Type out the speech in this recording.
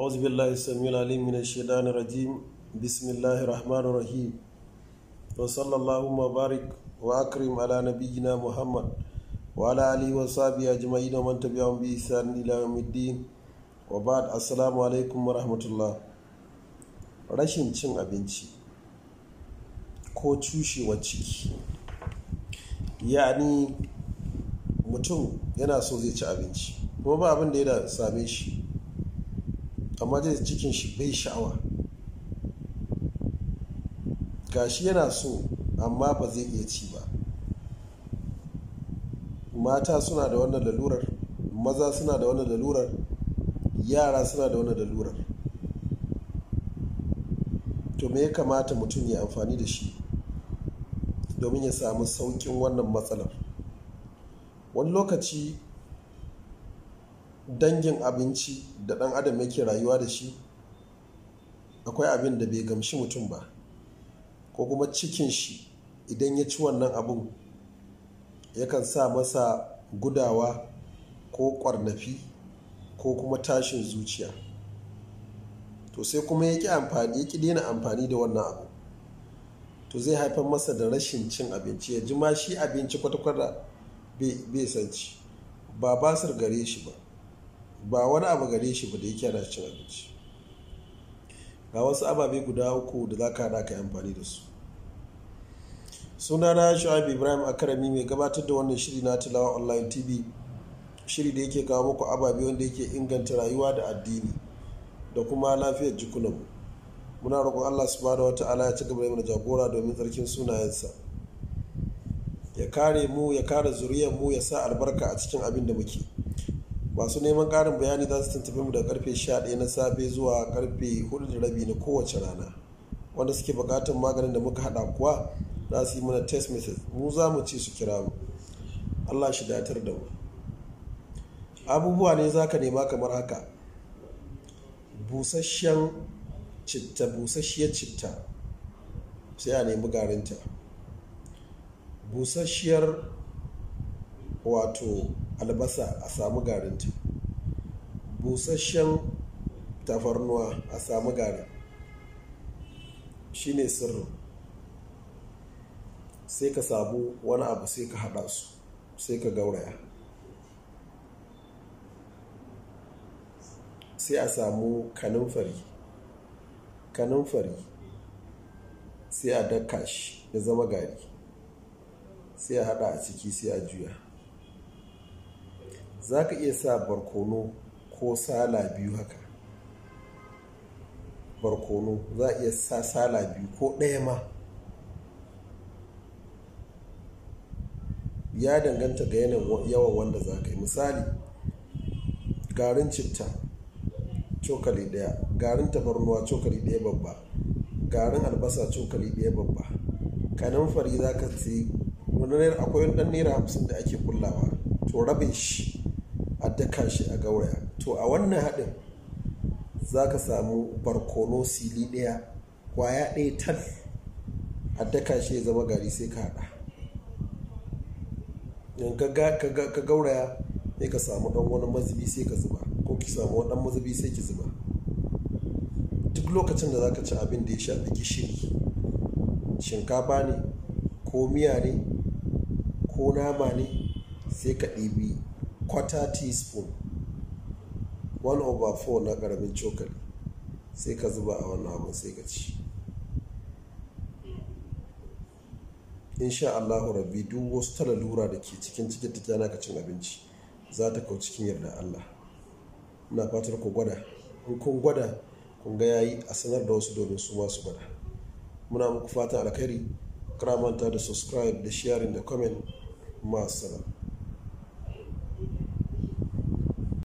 أعوذ بالله السميع العليم من الشيطان الرجيم بسم الله الرحمن الرحيم وصلى الله وبارك وأكرم على نبينا محمد وعلى آله وصحبه أجمعين ومن تبعهم بإحسان إلى يوم الدين وبعد السلام عليكم ورحمة الله rashin cin abinci ko cushewar ciki yani mutum yana so zai ci abinci kuma ba abin da ya same shi amma dai cikin shi bai sha'awa gashi yana so amma ba zai iya ci ba mata suna da wannan lalurar maza suna da wannan lalurar yara suna da wannan lalurar to me ya kamata mutum ya amfani da shi domin ya samu sauƙin wannan matsalar wani lokaci dangin abinci da dan adam yake rayuwa da shi akwai abin da bai gamshi mutum ba ko kuma cikin shi idan ya ci wannan abin yakan sa masa gudawa ko kwarnafi ko kuma tashin zuciya to sai kuma ya ƙi amfani daina amfani da wannan abu to zai haifar masa da rashin cin abinci ya ji ma shi abinci kwata-kwata bai sanci ba basar gare shi ba ba wani abu gare shi ba da yake hana cin abinci ga wasu ababe guda uku da za ka hada ka amfani da su sunana shu'ab ibrahim akarami mai gabatar da wannan shiri na tilawa online tv shiri da yake kawo muku ababe wanda yake inganta rayuwa da addini da kuma lafiyar jikunanmu muna roƙon allah subhanahu wa ta'ala ya ci gaba da jagora domin tsarkin sunayensa ya kare mu ya kare zuriyar mu ya sa albarka a cikin abin da muke masu neman ƙarin bayani za su tuntube mu da karfe 11 na safe zuwa karfe 4 da rabi na kowace rana wanda suke buƙatar maganin da muka haɗa kuwa za su yi mana test message mu za mu ce su kira mu allah shi datar da mu abubuwa ne zaka nema kamar haka busasshen citta busasshiyar citta sai a nemi garinta busasshiyar wato albasa a samu garin ta busasshen tafarnuwa a samu garin shine sirrin sai ka samu wani abu sai ka haɗa su sai ka gauraya sai a samu kanunfari kanunfari sai a daka shi ya zama gari sai a haɗa a ciki sai a juya za ka iya sa barkono ko sala biyu haka barkono za a iya sa sala biyu ko ɗaya ma ya danganta ga yanayin yawan wanda za ka yi misali garin citta cokali ɗaya garin tabarnuwa cokali ɗaya babba garin albasa cokali ɗaya babba kanan fari za ka ce wani akwai ɗan naira hamsin da ake kullawa to rabin shi a daka shi a gauraya to a wannan haɗin za ka samu barkono sili ɗaya kwaya ɗaya tal a daka shi ya zama gari sai ka haɗa in ka gauraya sai ka samu ɗan wani mazubi sai ka zuba ko ki samu wani ɗan mazubi sai ki zuba duk lokacin da za ka ci abin da ya shafi gishiri shinkafa ne ko miya ne ko nama ne sai ka ɗebi quarter teaspoon 1 over 4 na karamin cokali sai ka zuba a wannan abin sai ka ci insha allahu rabbi duk wasu ta lura da ke cikin cikin ta tana cin abinci za ta kau cikin yarda allah ina fatar ku gwada in kun gwada kun ga yayi a sanar da wasu domin su masu gwada muna muku fatan alkhairi karamanta da subscribe da sharing da comment masu